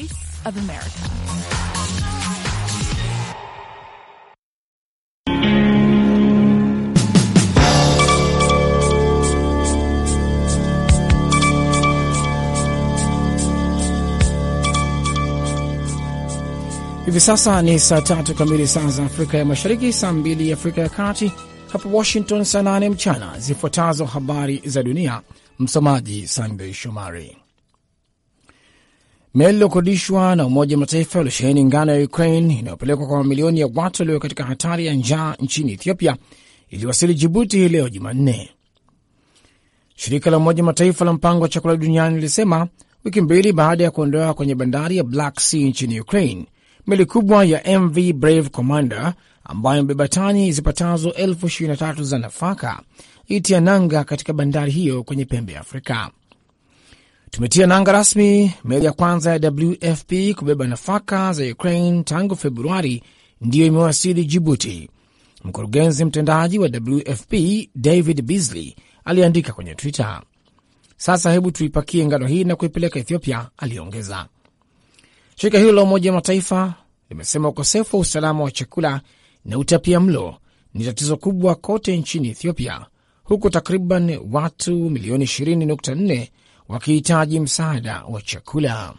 Voice of America. Hivi sasa ni saa tatu kamili saa za Afrika ya Mashariki, saa mbili Afrika ya Kati, hapa Washington saa nane mchana. Zifuatazo habari za dunia, msomaji Sandey Shomari meli iliyokodishwa na Umoja wa Mataifa iliosheheni ngano ya Ukraine inayopelekwa kwa mamilioni ya watu walio katika hatari ya njaa nchini Ethiopia iliwasili Jibuti hii leo Jumanne. Shirika la Umoja Mataifa la mpango wa chakula duniani lilisema wiki mbili baada ya kuondoa kwenye bandari ya Black Sea nchini Ukraine, meli kubwa ya MV Brave Commander ambayo imebeba tani zipatazo elfu za nafaka itia nanga katika bandari hiyo kwenye pembe ya Afrika. Tumetia nanga rasmi meli ya kwanza ya WFP kubeba nafaka za Ukraine tangu Februari ndiyo imewasili Jibuti. Mkurugenzi mtendaji wa WFP David Beasley aliandika kwenye Twitter, sasa hebu tuipakie ngano hii na kuipeleka Ethiopia, aliongeza. Shirika hilo la Umoja wa Mataifa limesema ukosefu wa usalama wa chakula na utapia mlo ni tatizo kubwa kote nchini Ethiopia, huku takriban watu milioni 20.4 wakihitaji msaada wa chakula.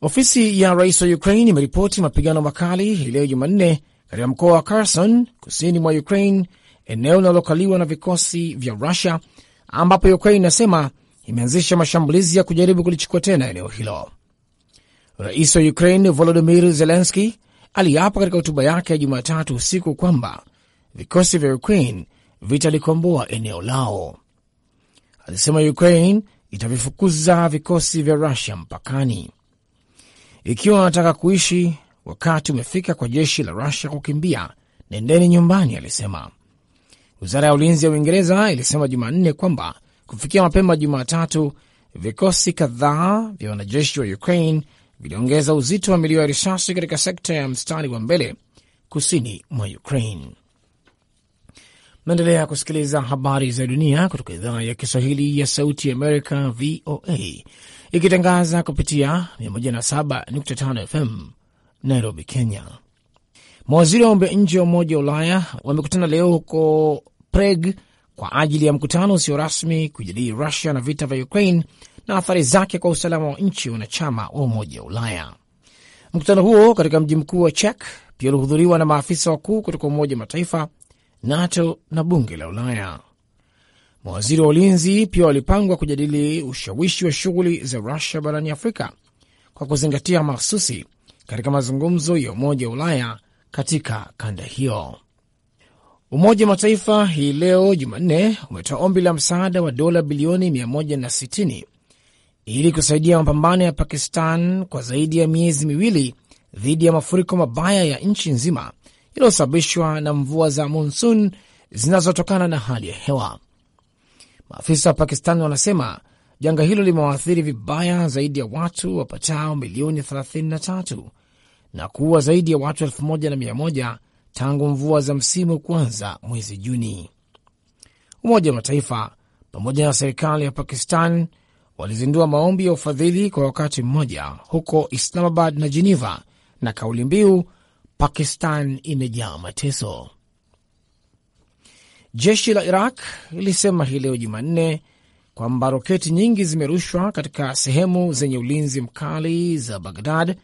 Ofisi ya rais wa Ukraine imeripoti mapigano makali hii leo Jumanne katika mkoa wa Kherson kusini mwa Ukraine, eneo linalokaliwa na vikosi vya Rusia, ambapo Ukraine inasema imeanzisha mashambulizi ya kujaribu kulichukua tena eneo hilo. Rais wa Ukraine Volodimir Zelenski aliapa katika hotuba yake ya Jumatatu usiku kwamba vikosi vya Ukraine vitalikomboa eneo lao alisema Ukraine itavifukuza vikosi vya Rusia mpakani. Ikiwa wanataka kuishi, wakati umefika kwa jeshi la Rusia kukimbia, nendeni nyumbani, alisema. Wizara ya ulinzi ya Uingereza ilisema Jumanne kwamba kufikia mapema Jumatatu, vikosi kadhaa vya wanajeshi wa Ukraine viliongeza uzito wa milio ya risasi katika sekta ya mstari wa mbele kusini mwa Ukraine. Naendelea kusikiliza habari za dunia kutoka idhaa ya Kiswahili ya Sauti ya Amerika, VOA, ikitangaza kupitia 107.5 FM Nairobi, Kenya. Mawaziri wa mambo ya nje wa Umoja wa Ulaya wamekutana leo huko Prague kwa ajili ya mkutano usio rasmi kujadili Rusia na vita vya Ukraine na athari zake kwa usalama wa nchi wanachama wa Umoja wa Ulaya. Mkutano huo katika mji mkuu wa Czech pia ulihudhuriwa na maafisa wakuu kutoka Umoja wa Mataifa, NATO na bunge la Ulaya. Mawaziri wa ulinzi pia walipangwa kujadili ushawishi wa shughuli za Rusia barani Afrika kwa kuzingatia mahsusi katika mazungumzo ya Umoja wa Ulaya katika kanda hiyo. Umoja wa Mataifa hii leo Jumanne umetoa ombi la msaada wa dola bilioni 160 ili kusaidia mapambano ya Pakistan kwa zaidi ya miezi miwili dhidi ya mafuriko mabaya ya nchi nzima iliyosababishwa na mvua za monsun zinazotokana na hali ya hewa. Maafisa wa Pakistan wanasema janga hilo limewaathiri vibaya zaidi ya watu wapatao milioni 33 na kuua zaidi ya watu 1100 tangu mvua za msimu kuanza mwezi Juni. Umoja wa Mataifa pamoja na serikali ya Pakistan walizindua maombi ya ufadhili kwa wakati mmoja huko Islamabad na jeneva na kauli mbiu Pakistan imejaa mateso. Jeshi la Iraq lilisema hii leo Jumanne kwamba roketi nyingi zimerushwa katika sehemu zenye ulinzi mkali za Bagdad,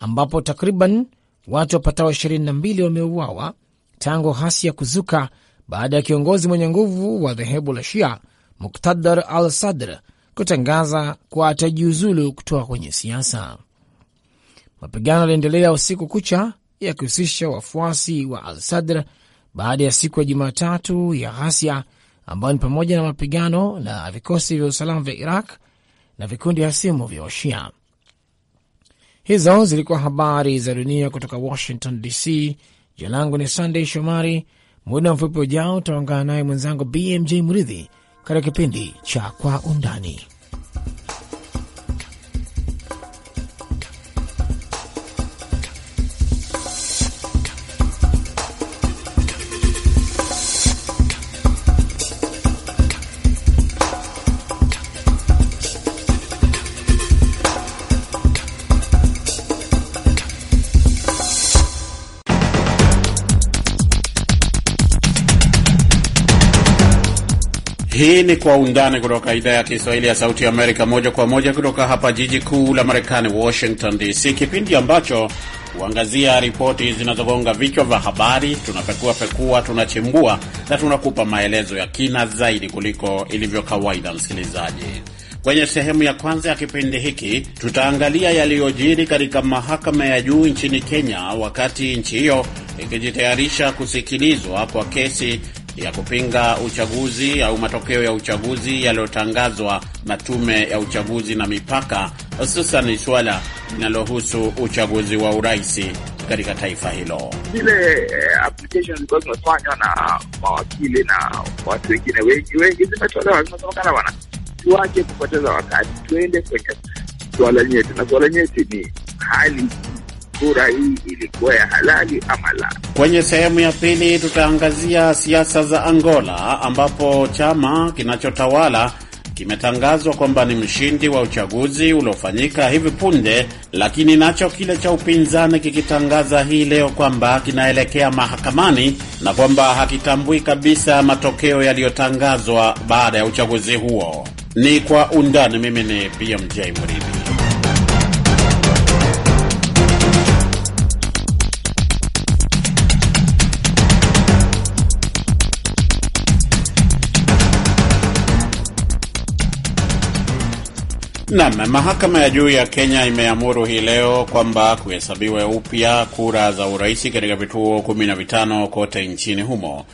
ambapo takriban watu wapatao 22 wameuawa tangu hasi ya kuzuka baada ya kiongozi mwenye nguvu wa dhehebu la Shia Muktadar al Sadr kutangaza kuwa atajiuzulu kutoka kwenye siasa. Mapigano yaliendelea usiku kucha ya kuhusisha wafuasi wa Al Sadr baada ya siku ya Jumatatu ya ghasia ambayo ni pamoja na mapigano na vikosi vya usalama vya Iraq na vikundi hasimu vya Washia. Hizo zilikuwa habari za dunia kutoka Washington DC. Jina langu ni sandey Shomari. Muda mfupi ujao utaungana naye mwenzangu BMJ Muridhi katika kipindi cha Kwa Undani. ni Kwa Undani kutoka idhaa ya Kiswahili ya Sauti Amerika, moja kwa moja kutoka hapa jiji kuu la Marekani, Washington DC, kipindi ambacho huangazia ripoti zinazogonga vichwa vya habari. Tunapekua pekua, tunachimbua na tunakupa maelezo ya kina zaidi kuliko ilivyo kawaida. Msikilizaji, Kwenye sehemu ya kwanza ya kipindi hiki tutaangalia yaliyojiri katika mahakama ya juu nchini Kenya wakati nchi hiyo ikijitayarisha kusikilizwa kwa kesi ya kupinga uchaguzi au matokeo ya uchaguzi yaliyotangazwa na tume ya uchaguzi na mipaka, hususan suala linalohusu uchaguzi wa urais katika taifa hilo. Zile eh, application zilikuwa zimefanywa na mawakili na watu wengine wengi wengi, zimetolewa zinasemekana, bwana, tuache kupoteza wakati, tuende kwenye suala nyeti, na suala nyeti ni hali kura hii ilikuwa ya halali ama la. Kwenye sehemu ya pili tutaangazia siasa za Angola ambapo chama kinachotawala kimetangazwa kwamba ni mshindi wa uchaguzi uliofanyika hivi punde, lakini nacho kile cha upinzani kikitangaza hii leo kwamba kinaelekea mahakamani na kwamba hakitambui kabisa matokeo yaliyotangazwa baada ya uchaguzi huo. Ni kwa undani. Mimi ni BMJ Mridhi. Nam, mahakama ya juu ya Kenya imeamuru hii leo kwamba kuhesabiwe upya kura za uraisi katika vituo kumi na vitano kote nchini humo,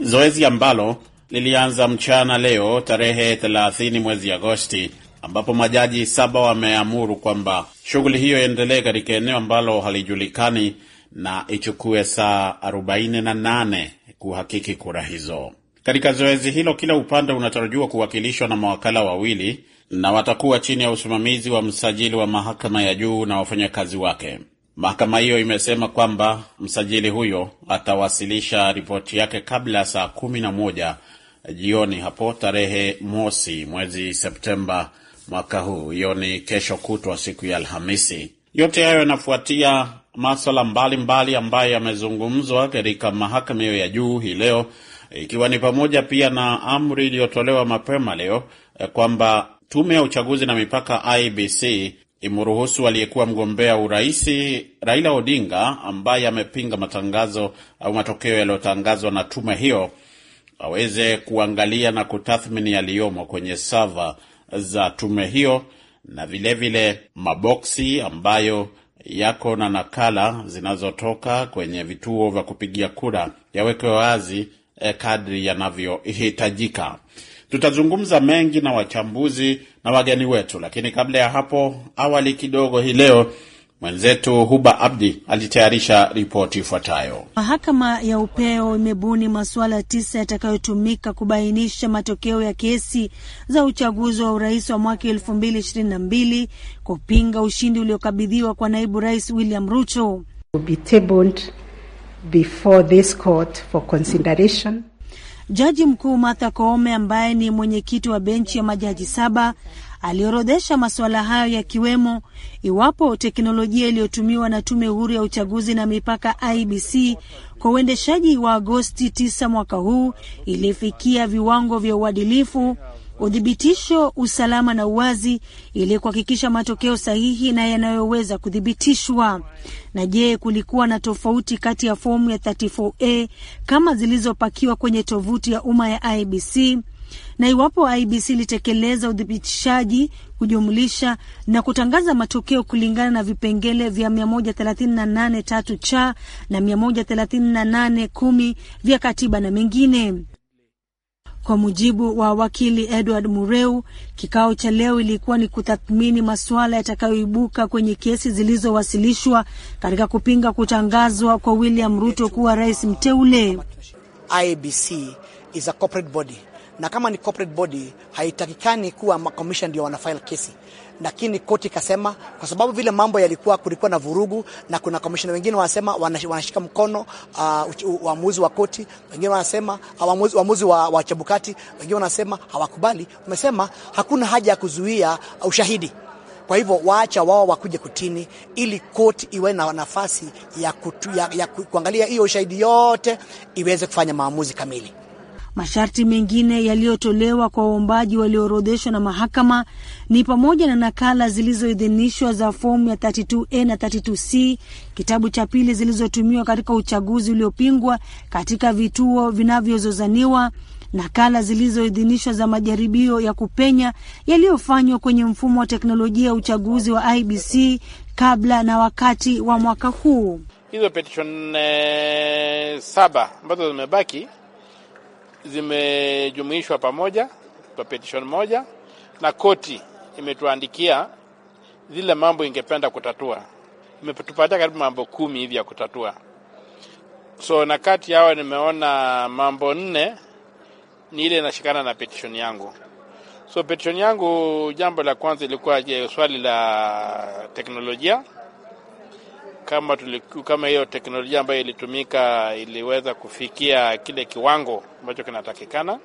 zoezi ambalo lilianza mchana leo tarehe 30 mwezi Agosti, ambapo majaji saba wameamuru kwamba shughuli hiyo iendelee katika eneo ambalo halijulikani na ichukue saa 48 kuhakiki kura hizo. Katika zoezi hilo, kila upande unatarajiwa kuwakilishwa na mawakala wawili na watakuwa chini ya usimamizi wa msajili wa mahakama ya juu na wafanyakazi wake. Mahakama hiyo imesema kwamba msajili huyo atawasilisha ripoti yake kabla ya saa kumi na moja jioni hapo tarehe mosi mwezi Septemba mwaka huu. Hiyo ni kesho kutwa, siku ya Alhamisi. Yote hayo yanafuatia maswala mbalimbali ambayo yamezungumzwa katika mahakama hiyo ya juu hii leo, ikiwa ni pamoja pia na amri iliyotolewa mapema leo eh, kwamba Tume ya uchaguzi na mipaka IBC imruhusu aliyekuwa mgombea uraisi Raila Odinga ambaye amepinga matangazo au matokeo yaliyotangazwa na tume hiyo aweze kuangalia na kutathmini yaliyomo kwenye sava za tume hiyo na vilevile vile maboksi ambayo yako na nakala zinazotoka kwenye vituo vya kupigia kura yawekwe wazi eh, kadri yanavyohitajika. Tutazungumza mengi na wachambuzi na wageni wetu, lakini kabla ya hapo, awali kidogo, hii leo mwenzetu Huba Abdi alitayarisha ripoti ifuatayo. Mahakama ya upeo imebuni masuala tisa yatakayotumika kubainisha matokeo ya kesi za uchaguzi wa urais wa mwaka elfu mbili ishirini na mbili kupinga ushindi uliokabidhiwa kwa naibu rais William Ruto. Jaji mkuu Martha Koome ambaye ni mwenyekiti wa benchi ya majaji saba aliorodhesha masuala hayo yakiwemo iwapo teknolojia iliyotumiwa na tume huru ya uchaguzi na mipaka IBC kwa uendeshaji wa Agosti 9 mwaka huu ilifikia viwango vya uadilifu, uthibitisho, usalama na uwazi ili kuhakikisha matokeo sahihi na yanayoweza kuthibitishwa. Na je, kulikuwa na tofauti kati ya fomu ya 34A kama zilizopakiwa kwenye tovuti ya umma ya IBC na iwapo IBC ilitekeleza uthibitishaji kujumlisha na kutangaza matokeo kulingana na vipengele vya 138 tatu cha na 138 kumi vya katiba na mengine. Kwa mujibu wa wakili Edward Mureu, kikao cha leo ilikuwa ni kutathmini masuala yatakayoibuka kwenye kesi zilizowasilishwa katika kupinga kutangazwa kwa William Ruto kuwa rais mteule. IBC is a corporate body na kama ni corporate body haitakikani kuwa makomisha ndio wanafile kesi, lakini koti ikasema kwa sababu vile mambo yalikuwa, kulikuwa na vurugu, na kuna komishina wengine wanasema wanashika mkono waamuzi uh, wa koti, wengine wanasema waamuzi uh, wa, wa Chebukati, wengine wanasema hawakubali. Wamesema hakuna haja ya kuzuia uh, ushahidi kwa hivyo waacha wao wakuje kutini ili koti iwe na nafasi ya, kutu, ya, ya kuangalia hiyo ushahidi yote iweze kufanya maamuzi kamili. Masharti mengine yaliyotolewa kwa waombaji walioorodheshwa na mahakama ni pamoja na nakala zilizoidhinishwa za fomu ya 32A na 32C, kitabu cha pili zilizotumiwa katika uchaguzi uliopingwa katika vituo vinavyozozaniwa, nakala zilizoidhinishwa za majaribio ya kupenya yaliyofanywa kwenye mfumo wa teknolojia ya uchaguzi wa IBC kabla na wakati wa mwaka huu. Hizo petition eh, saba ambazo zimebaki zimejumuishwa pamoja kwa petition moja, na koti imetuandikia zile mambo ingependa kutatua. Imetupatia karibu mambo kumi hivi ya kutatua. So na kati yao nimeona mambo nne ni ile inashikana na petition yangu. So petition yangu, jambo la kwanza ilikuwa je, swali la teknolojia kama tuliku, kama hiyo teknolojia ambayo ilitumika iliweza kufikia kile kiwango ambacho kinatakikana.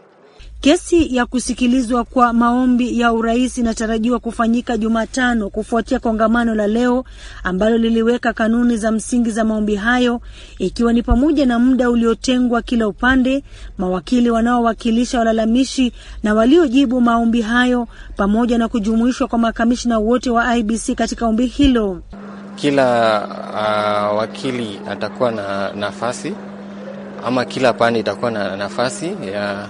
Kesi ya kusikilizwa kwa maombi ya urais inatarajiwa kufanyika Jumatano kufuatia kongamano la leo ambalo liliweka kanuni za msingi za maombi hayo ikiwa ni pamoja na muda uliotengwa kila upande, mawakili wanaowakilisha walalamishi na waliojibu maombi hayo, pamoja na kujumuishwa kwa makamishna wote wa IBC katika ombi hilo kila uh, wakili atakuwa na nafasi ama kila pande itakuwa na nafasi ya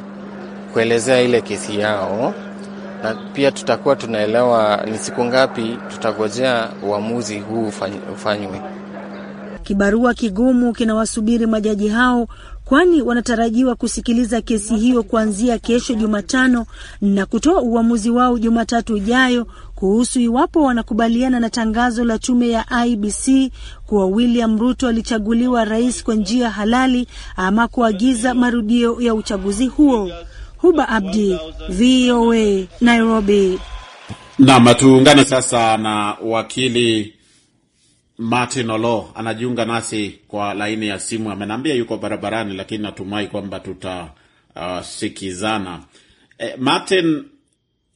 kuelezea ile kesi yao, na pia tutakuwa tunaelewa ni siku ngapi tutagojea uamuzi huu ufanywe. Kibarua kigumu kinawasubiri majaji hao kwani wanatarajiwa kusikiliza kesi hiyo kuanzia kesho Jumatano na kutoa uamuzi wao Jumatatu ijayo kuhusu iwapo wanakubaliana na tangazo la tume ya IBC kuwa William Ruto alichaguliwa rais kwa njia halali ama kuagiza marudio ya uchaguzi huo. Huba Abdi, VOA, Nairobi. Nam, tuungane sasa na wakili Martin Olo anajiunga nasi kwa laini ya simu. Amenambia yuko barabarani, lakini natumai kwamba tutasikizana. Uh, eh, Martin,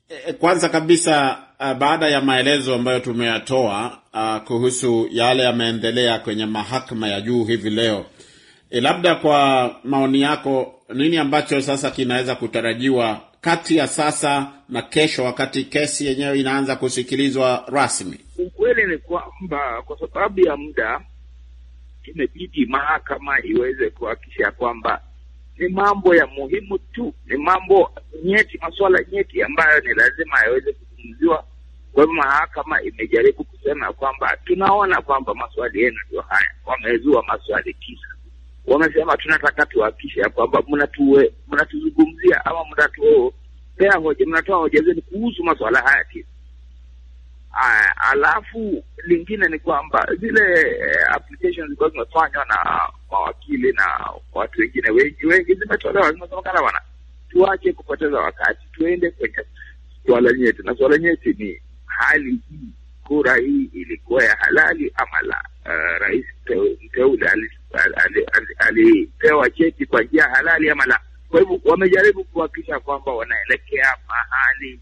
eh, kwanza kabisa uh, baada ya maelezo ambayo tumeyatoa uh, kuhusu yale yameendelea kwenye mahakama ya juu hivi leo, eh, labda kwa maoni yako, nini ambacho sasa kinaweza kutarajiwa kati ya sasa na kesho, wakati kesi yenyewe inaanza kusikilizwa rasmi? ukweli ni kwamba kwa sababu ya muda imebidi mahakama iweze kuhakikisha kwamba ni mambo ya muhimu tu, ni mambo nyeti, masuala nyeti ambayo ni lazima yaweze kuzungumziwa. Kwa hivyo mahakama imejaribu kusema kwamba tunaona kwamba maswali yenu ndio haya. Wamezua maswali tisa, wamesema tunataka tuhakikishe ya kwamba mnatuzungumzia ama mnatupea hoja, mnatoa hoja zenu kuhusu maswala haya tisa. Ah, alafu lingine ni kwamba zile eh, applications zilikuwa zimefanywa na mawakili na watu wengine wengi wengi, zimetolewa zimesemekana, bwana, tuache kupoteza wakati, tuende kwenye swala nyeti, na swala nyeti ni hali hii, kura hii ilikuwa ya halali ama la? Uh, rais mteule alipewa cheti kwa njia halali ama la? Kwa hivyo wamejaribu kuhakikisha kwamba wanaelekea mahali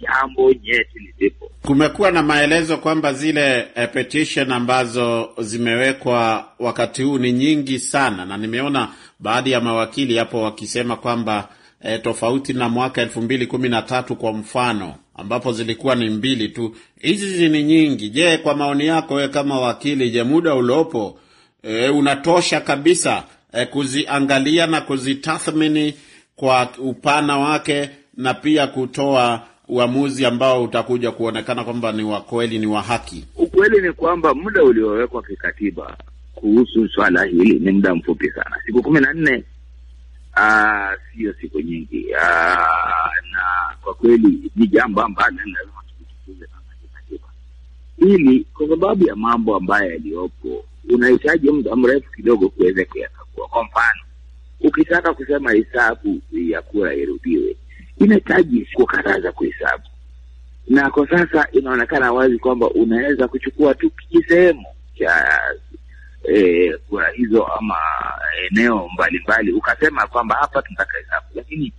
jambo nyeti lilipo. Kumekuwa na maelezo kwamba zile eh, petition ambazo zimewekwa wakati huu ni nyingi sana, na nimeona baadhi ya mawakili hapo wakisema kwamba e, tofauti na mwaka elfu mbili kumi na tatu kwa mfano ambapo zilikuwa ni mbili tu, hizi ni nyingi. Je, kwa maoni yako wewe kama wakili, je, muda uliopo e, unatosha kabisa e, kuziangalia na kuzitathmini kwa upana wake na pia kutoa uamuzi ambao utakuja kuonekana kwamba ni wa kweli, ni wa haki? Ukweli ni kwamba muda uliowekwa kikatiba kuhusu swala hili ni muda mfupi sana, siku kumi na nne ah, siyo siku nyingi. Aa, ah, na kwa kweli ni jambo ambalo lazima kama kikatiba hili, kwa sababu ya mambo ambayo yaliyopo, unahitaji muda mrefu kidogo kuweza kuyakagua. Kwa mfano, ukitaka kusema hesabu ya kura irudiwe inahitaji siku kadhaa za kuhesabu, na kwa sasa inaonekana wazi kwamba unaweza kuchukua tu kijisehemu cha e, kwa hizo ama eneo mbalimbali ukasema kwamba hapa tunataka hesabu, lakini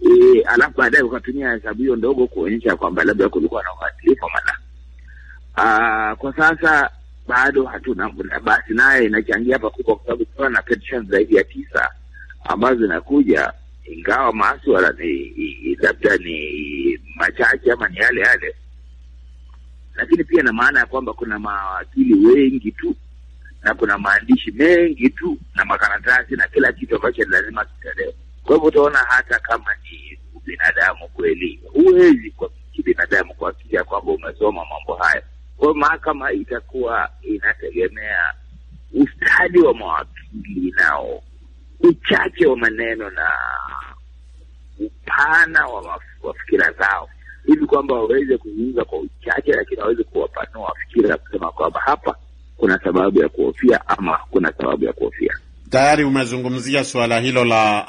e, alafu baadaye ukatumia hesabu hiyo ndogo kuonyesha kwamba labda kulikuwa na uhatilifu mala. Aa, ah, kwa sasa bado hatuna muda, basi naye inachangia pakubwa, kwa sababu kukawa na petition zaidi ya tisa ambazo zinakuja ingawa maswala labda ni machache ama ni yale yale, lakini pia na maana ya kwamba kuna mawakili wengi tu na kuna maandishi mengi tu na makaratasi na kila kitu ambacho lazima kitolewe. Kwa hivyo utaona hata kama ni ubinadamu kweli, huwezi kwa kibinadamu kuhakikisha kwamba umesoma mambo haya. Kwa hiyo mahakama itakuwa inategemea ustadi wa mawakili nao uchache wa maneno na upana wa, wa fikira zao hivi kwamba waweze kuzungumza kwa uchache, lakini waweze kuwapanua wafikira kusema kwamba hapa kuna sababu ya kuhofia ama kuna sababu ya kuhofia. Tayari umezungumzia suala hilo la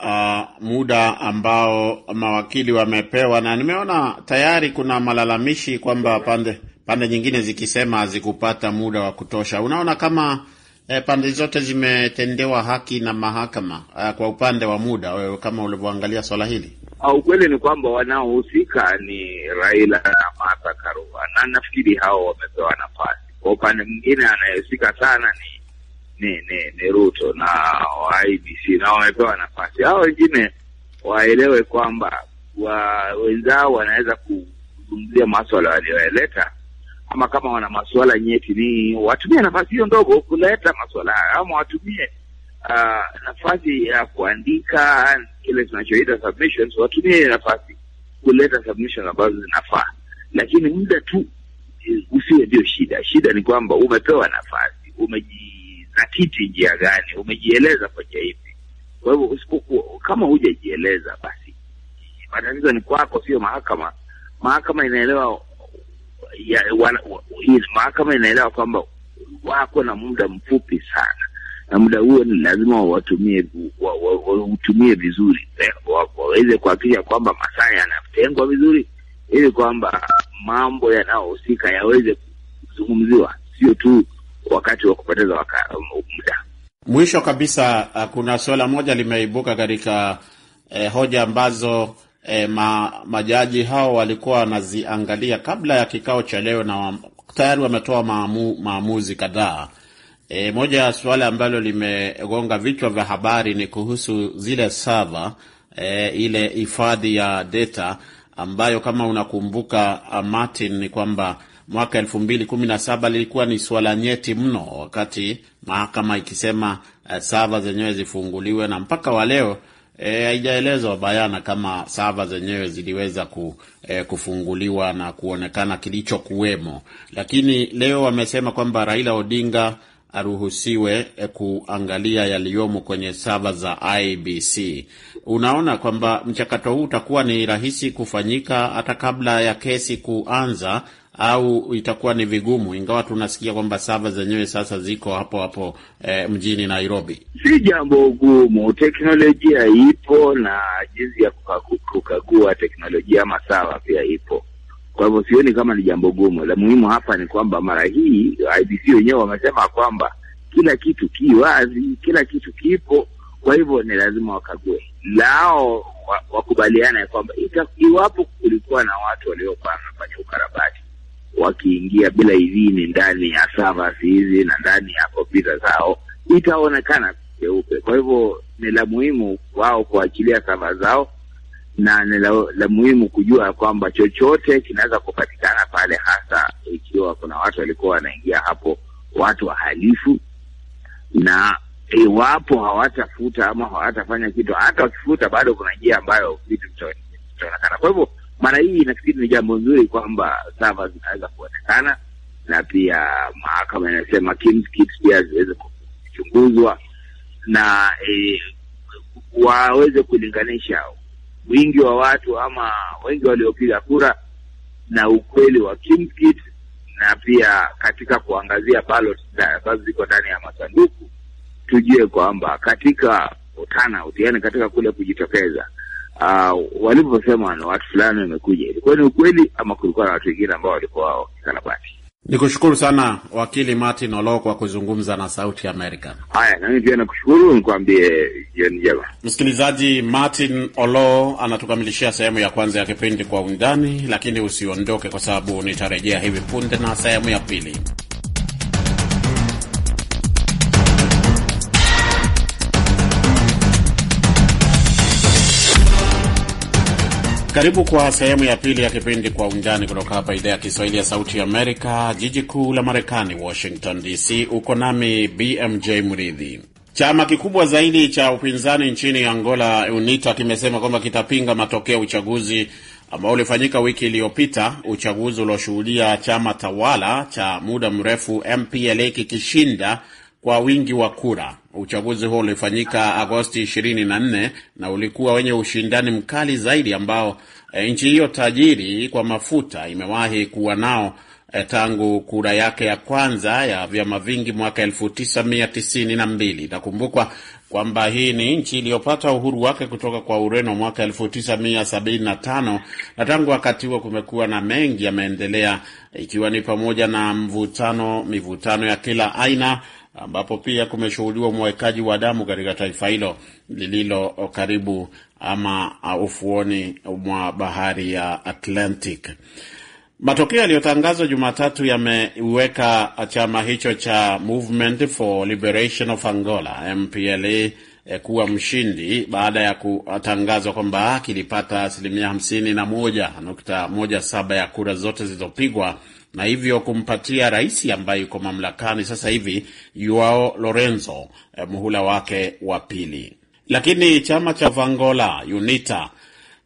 uh, muda ambao mawakili wamepewa, na nimeona tayari kuna malalamishi kwamba pande pande nyingine zikisema hazikupata muda wa kutosha. Unaona kama E, pande zote zimetendewa haki na mahakama. A, eh, kwa upande wa muda wewe kama ulivyoangalia swala hili, ukweli ni kwamba wanaohusika ni Raila na Martha Karua na nafikiri hao wamepewa nafasi. Kwa upande mwingine anayehusika sana ni ni, ni ni Ruto na IBC na wamepewa nafasi. Hao wengine waelewe kwamba wa, wenzao wanaweza kuzungumzia maswala walioyaleta ama kama wana masuala nyeti ni watumie nafasi hiyo ndogo kuleta masuala hayo, ama watumie uh, nafasi ya kuandika kile tunachoita submissions, watumie nafasi kuleta submissions ambazo zinafaa, lakini muda tu eh, usiwe ndio shida. Shida ni kwamba umepewa nafasi, umejizatiti njia gani, umejieleza kwa njia ipi? Kwa hivyo usipokuwa kama hujajieleza, basi matatizo ni kwako, sio mahakama. Mahakama inaelewa mahakama inaelewa kwamba wako na muda mfupi sana, na muda huo ni lazima wautumie wa, wa, wa, vizuri eh, waweze kuhakikisha kwamba masaa yanatengwa vizuri, ili kwamba mambo yanayohusika yaweze kuzungumziwa, sio tu wakati wa kupoteza muda. Mwisho kabisa, uh, kuna suala moja limeibuka katika eh, hoja ambazo e, ma, majaji hao walikuwa wanaziangalia kabla ya kikao cha leo na tayari wametoa maamu, maamuzi kadhaa. E, moja ya suala ambalo limegonga vichwa vya habari ni kuhusu zile sava e, eh, ile hifadhi ya data ambayo kama unakumbuka uh, Martin, ni kwamba mwaka elfu mbili kumi na saba lilikuwa ni suala nyeti mno, wakati mahakama ikisema uh, sava zenyewe zifunguliwe, na mpaka wa leo Eh, haijaelezwa e, bayana kama sava zenyewe ziliweza ku, e, kufunguliwa na kuonekana kilichokuwemo, lakini leo wamesema kwamba Raila Odinga aruhusiwe eh, kuangalia yaliyomo kwenye sava za IBC. Unaona kwamba mchakato huu utakuwa ni rahisi kufanyika hata kabla ya kesi kuanza, au itakuwa ni vigumu, ingawa tunasikia kwamba sava zenyewe sasa ziko hapo hapo eh, mjini Nairobi? Si jambo gumu, teknolojia ipo na jinsi ya kukagua teknolojia ama sava pia ipo. Kwa hivyo sioni kama ni jambo gumu. La muhimu hapa ni kwamba mara hii IBC wenyewe wamesema kwamba kila kitu ki wazi, kila kitu kipo. Kwa hivyo ni lazima wakague lao, wakubaliana ya kwamba iwapo kulikuwa na watu waliokuwa wanafanya ukarabati wakiingia bila idhini ndani ya servers hizi na ndani ya kompyuta zao itaonekana keupe Kwa hivyo ni la muhimu wao kuachilia sava zao, na ni la muhimu kujua kwamba chochote kinaweza kupatikana pale, hasa ikiwa kuna watu walikuwa wanaingia hapo, watu wahalifu. Na iwapo hawatafuta ama hawatafanya kitu, hata wakifuta, bado kuna njia ambayo vitu vitaonekana. Kwa hivyo mara hii nafikiri ni jambo nzuri kwamba sava zinaweza kuonekana na pia mahakama inasema pia ziweze kuchunguzwa na e, waweze kulinganisha wingi wa watu ama wengi waliopiga kura na ukweli wa KimKit, na pia katika kuangazia balot ambazo ziko ndani ya masanduku, tujue kwamba katika utana utiani, katika kule kujitokeza uh, ah, na watu fulani wamekuja, ilikuwa ni ukweli ama kulikuwa na watu wengine ambao walikuwa wakikarabati? Ni kushukuru sana wakili Martin Olo kwa kuzungumza na Sauti Amerika. Haya, nami pia nakushukuru, nikuambie jioni njema msikilizaji. Martin Olo anatukamilishia sehemu ya kwanza ya kipindi Kwa Undani, lakini usiondoke, kwa sababu nitarejea hivi punde na sehemu ya pili. Karibu kwa sehemu ya pili ya kipindi Kwa Undani kutoka hapa idhaa ya Kiswahili ya Sauti Amerika, jiji kuu la Marekani, Washington DC. Uko nami BMJ Mridhi. Chama kikubwa zaidi cha upinzani nchini Angola, UNITA, kimesema kwamba kitapinga matokeo ya uchaguzi ambao ulifanyika wiki iliyopita, uchaguzi ulioshuhudia chama tawala cha muda mrefu MPLA kikishinda kwa wingi wa kura. Uchaguzi huo ulifanyika Agosti 24 na ulikuwa wenye ushindani mkali zaidi ambao e, nchi hiyo tajiri kwa mafuta imewahi kuwa nao e, tangu kura yake ya kwanza ya vyama vingi mwaka 1992. Itakumbukwa kwamba hii ni nchi iliyopata uhuru wake kutoka kwa Ureno mwaka 1975 na tangu wakati huo kumekuwa na mengi yameendelea, ikiwa ni pamoja na mvutano, mivutano ya kila aina ambapo pia kumeshuhudiwa umwagikaji wa damu katika taifa hilo lililo karibu ama uh, ufuoni mwa bahari ya Atlantic. Matokeo yaliyotangazwa Jumatatu yameweka chama hicho cha Movement for Liberation of Angola MPLA eh, kuwa mshindi baada ya kutangazwa kwamba kilipata asilimia 51.17 ya kura zote zilizopigwa na hivyo kumpatia rais ambaye yuko mamlakani sasa hivi Joao Lorenzo eh, muhula wake wa pili. Lakini chama cha Vangola UNITA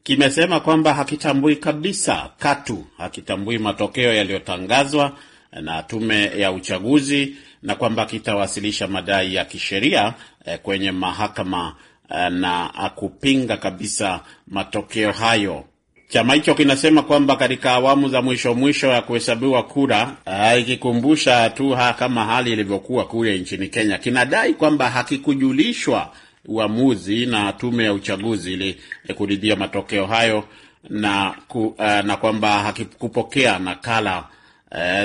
kimesema kwamba hakitambui kabisa katu, hakitambui matokeo yaliyotangazwa eh, na tume ya uchaguzi na kwamba kitawasilisha madai ya kisheria eh, kwenye mahakama eh, na kupinga kabisa matokeo hayo Chama hicho kinasema kwamba katika awamu za mwisho mwisho ya kuhesabiwa kura, eh, ikikumbusha tu kama hali ilivyokuwa kule nchini Kenya, kinadai kwamba hakikujulishwa uamuzi na tume ya uchaguzi ili eh, kuridhia matokeo hayo na, ku, eh, na kwamba hakikupokea nakala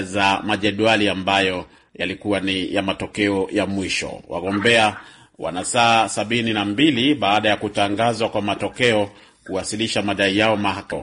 za majedwali ambayo yalikuwa ni ya matokeo ya mwisho. Wagombea wana saa sabini na mbili baada ya kutangazwa kwa matokeo kuwasilisha madai yao mahakama.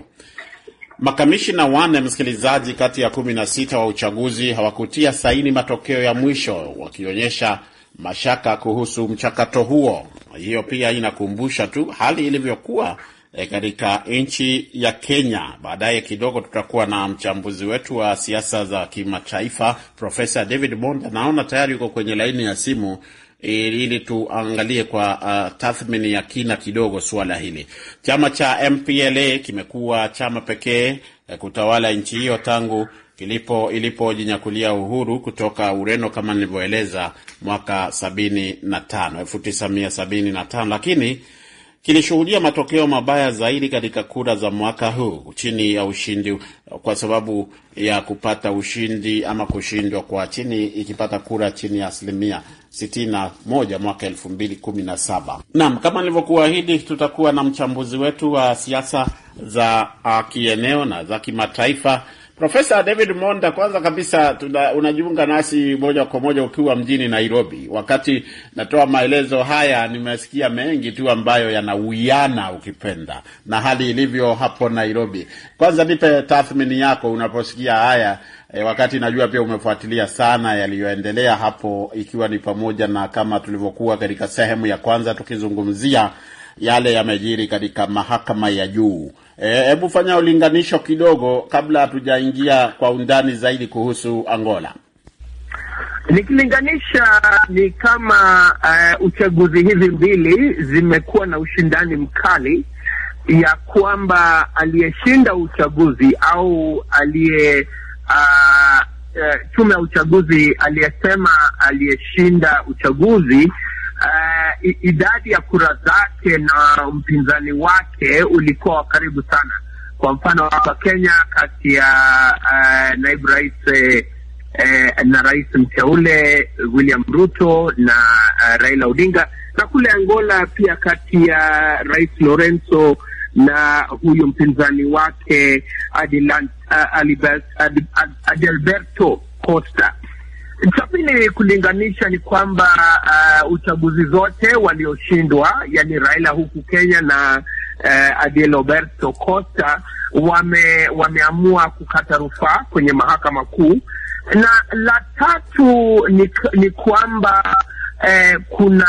Makamishina wane, msikilizaji, kati ya kumi na sita wa uchaguzi hawakutia saini matokeo ya mwisho wakionyesha mashaka kuhusu mchakato huo. Hiyo pia inakumbusha tu hali ilivyokuwa e, katika nchi ya Kenya. Baadaye kidogo tutakuwa na mchambuzi wetu wa siasa za kimataifa Profesa David Monda, naona tayari yuko kwenye laini ya simu ili tuangalie kwa uh, tathmini ya kina kidogo suala hili. Chama cha MPLA kimekuwa chama pekee eh, kutawala nchi hiyo tangu ilipo ilipojinyakulia uhuru kutoka Ureno kama nilivyoeleza mwaka 75 1975 tano elfu lakini kilishuhudia matokeo mabaya zaidi katika kura za mwaka huu chini ya ushindi, kwa sababu ya kupata ushindi ama kushindwa kwa chini, ikipata kura chini ya asilimia 61 mwaka 2017. Naam, kama nilivyokuahidi, tutakuwa na mchambuzi wetu wa siasa za uh, kieneo na za kimataifa Profesa David Monda, kwanza kabisa tuna, unajiunga nasi moja kwa moja ukiwa mjini Nairobi. Wakati natoa maelezo haya, nimesikia mengi tu ambayo yanauiana ukipenda na hali ilivyo hapo Nairobi. Kwanza nipe tathmini yako unaposikia haya e, wakati najua pia umefuatilia sana yaliyoendelea hapo, ikiwa ni pamoja na kama tulivyokuwa katika sehemu ya kwanza tukizungumzia yale yamejiri katika mahakama ya juu Eh, hebu fanya ulinganisho kidogo, kabla hatujaingia kwa undani zaidi kuhusu Angola. Nikilinganisha ni kama uh, uchaguzi hizi mbili zimekuwa na ushindani mkali, ya kwamba aliyeshinda uchaguzi au aliye uh, uh, tume ya uchaguzi aliyesema aliyeshinda uchaguzi idadi ya kura zake na mpinzani wake ulikuwa wa karibu sana. Kwa mfano hapa Kenya, kati ya uh, naibu rais eh, na rais mteule William Ruto na uh, Raila Odinga, na kule Angola pia kati ya rais Lorenzo na huyu mpinzani wake adalberto eh, Costa cha pili kulinganisha ni kwamba uh, uchaguzi zote walioshindwa, yani Raila huku Kenya na uh, Adiel Roberto Costa wame, wameamua kukata rufaa kwenye mahakama kuu, na la tatu ni, ni kwamba uh, kuna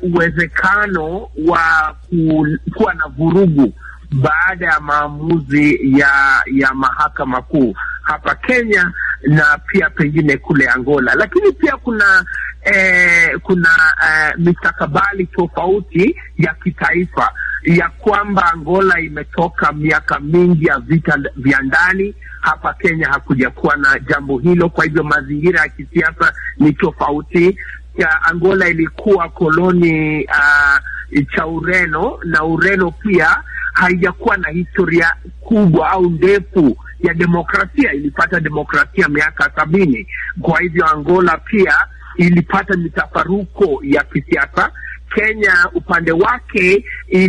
uh, uwezekano wa ku, kuwa na vurugu baada ya maamuzi ya ya mahakama kuu hapa Kenya na pia pengine kule Angola, lakini pia kuna eh, kuna eh, mistakabali tofauti ya kitaifa ya kwamba Angola imetoka miaka mingi ya vita vya ndani. Hapa Kenya hakujakuwa na jambo hilo, kwa hivyo mazingira ya kisiasa ni tofauti. Ya Angola ilikuwa koloni uh, cha Ureno na Ureno pia haijakuwa na historia kubwa au ndefu ya demokrasia. Ilipata demokrasia miaka sabini. Kwa hivyo Angola pia ilipata mitafaruko ya kisiasa Kenya upande wake i,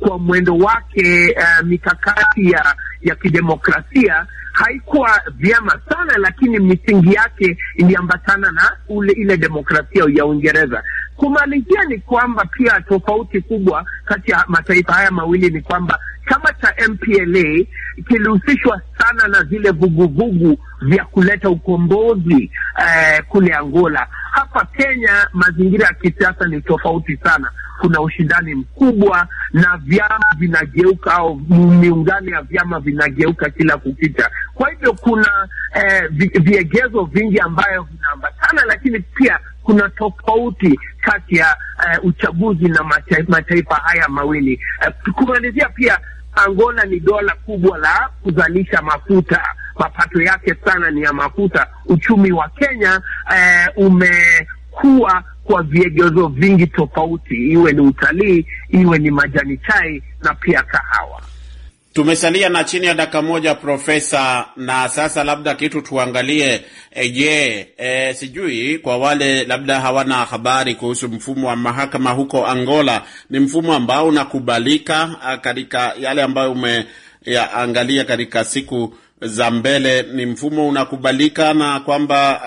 kwa mwendo wake uh, mikakati ya ya kidemokrasia haikuwa vyema sana, lakini misingi yake iliambatana na ule ile demokrasia ya Uingereza. Kumalizia ni kwamba pia tofauti kubwa kati ya mataifa haya mawili ni kwamba chama cha MPLA kilihusishwa sana na vile vuguvugu vya kuleta ukombozi eh, kule Angola hapa Kenya mazingira ya kisiasa ni tofauti sana. Kuna ushindani mkubwa na vyama vinageuka, au miungano ya vyama vinageuka kila kukicha. Kwa hivyo kuna eh, vi, viegezo vingi ambayo vinaambatana, lakini pia kuna tofauti kati ya eh, uchaguzi na mataifa haya mawili eh, kumalizia pia Angola ni dola kubwa la kuzalisha mafuta, mapato yake sana ni ya mafuta. Uchumi wa Kenya eh, umekuwa kwa viegezo vingi tofauti, iwe ni utalii, iwe ni majani chai na pia kahawa. Tumesalia na chini ya dakika moja, Profesa, na sasa labda kitu tuangalie. E, je, e, sijui kwa wale labda hawana habari kuhusu mfumo wa mahakama huko Angola, ni mfumo ambao unakubalika katika yale ambayo umeyaangalia katika siku za mbele? Ni mfumo unakubalika na kwamba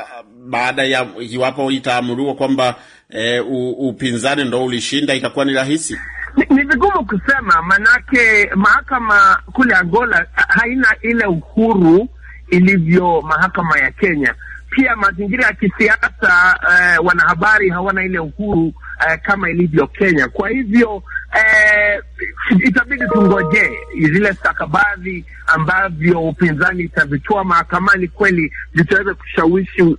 baada ya iwapo itaamuriwa kwamba e, upinzani ndo ulishinda itakuwa ni rahisi ni vigumu kusema, manake mahakama kule Angola haina ile uhuru ilivyo mahakama ya Kenya. Pia mazingira ya kisiasa eh, wanahabari hawana ile uhuru uh, kama ilivyo Kenya. Kwa hivyo uh, itabidi tungojee zile stakabadhi ambavyo upinzani itavitoa mahakamani kweli zitaweza kushawishi uh, uh,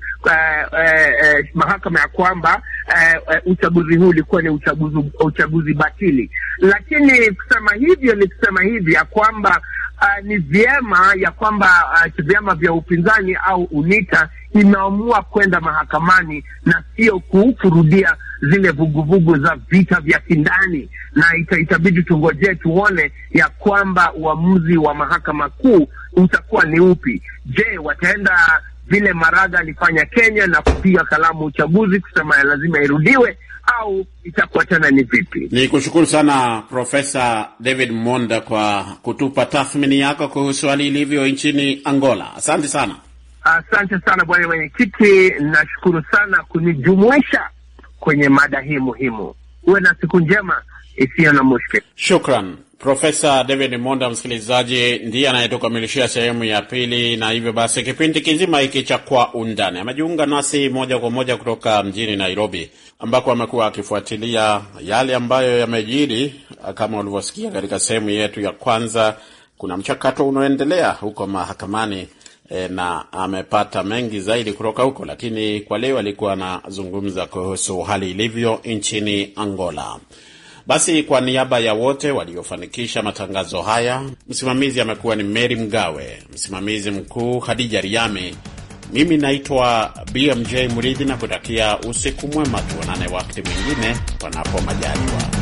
uh, mahakama ya kwamba uh, uh, uchaguzi huu ulikuwa ni uchaguzi, uchaguzi batili. Lakini kusema hivyo ni kusema hivi ya kwamba Uh, ni vyema ya kwamba uh, vyama vya upinzani au UNITA inaamua kwenda mahakamani na sio kufurudia zile vuguvugu vugu za vita vya kindani, na ita, itabidi tungojee tuone ya kwamba uamuzi wa mahakama kuu utakuwa ni upi. Je, wataenda vile Maraga alifanya Kenya na kupiga kalamu uchaguzi kusema lazima irudiwe au itakuwa tena ni vipi? Ni kushukuru sana Profesa David Monda kwa kutupa tathmini yako kuhusu hali ilivyo nchini Angola. Asante sana. Asante sana bwana mwenyekiti, nashukuru sana kunijumuisha kwenye mada hii muhimu. Uwe na siku njema isiyo na mushkil. Shukran Profesa David Monda. Msikilizaji ndiye anayetukamilishia sehemu ya pili, na hivyo basi kipindi kizima hiki cha Kwa Undani amejiunga nasi moja kwa moja kutoka mjini Nairobi, ambako amekuwa akifuatilia yale ambayo yamejiri. Kama ulivyosikia katika sehemu yetu ya kwanza, kuna mchakato unaoendelea huko mahakamani e, na amepata mengi zaidi kutoka huko, lakini kwa leo alikuwa anazungumza kuhusu hali ilivyo nchini Angola. Basi kwa niaba ya wote waliofanikisha matangazo haya, msimamizi amekuwa ni Mary Mgawe, msimamizi mkuu Khadija Riami, mimi naitwa BMJ Mridhi na kutakia usiku mwema, tuonane wakati mwingine panapo majaliwa.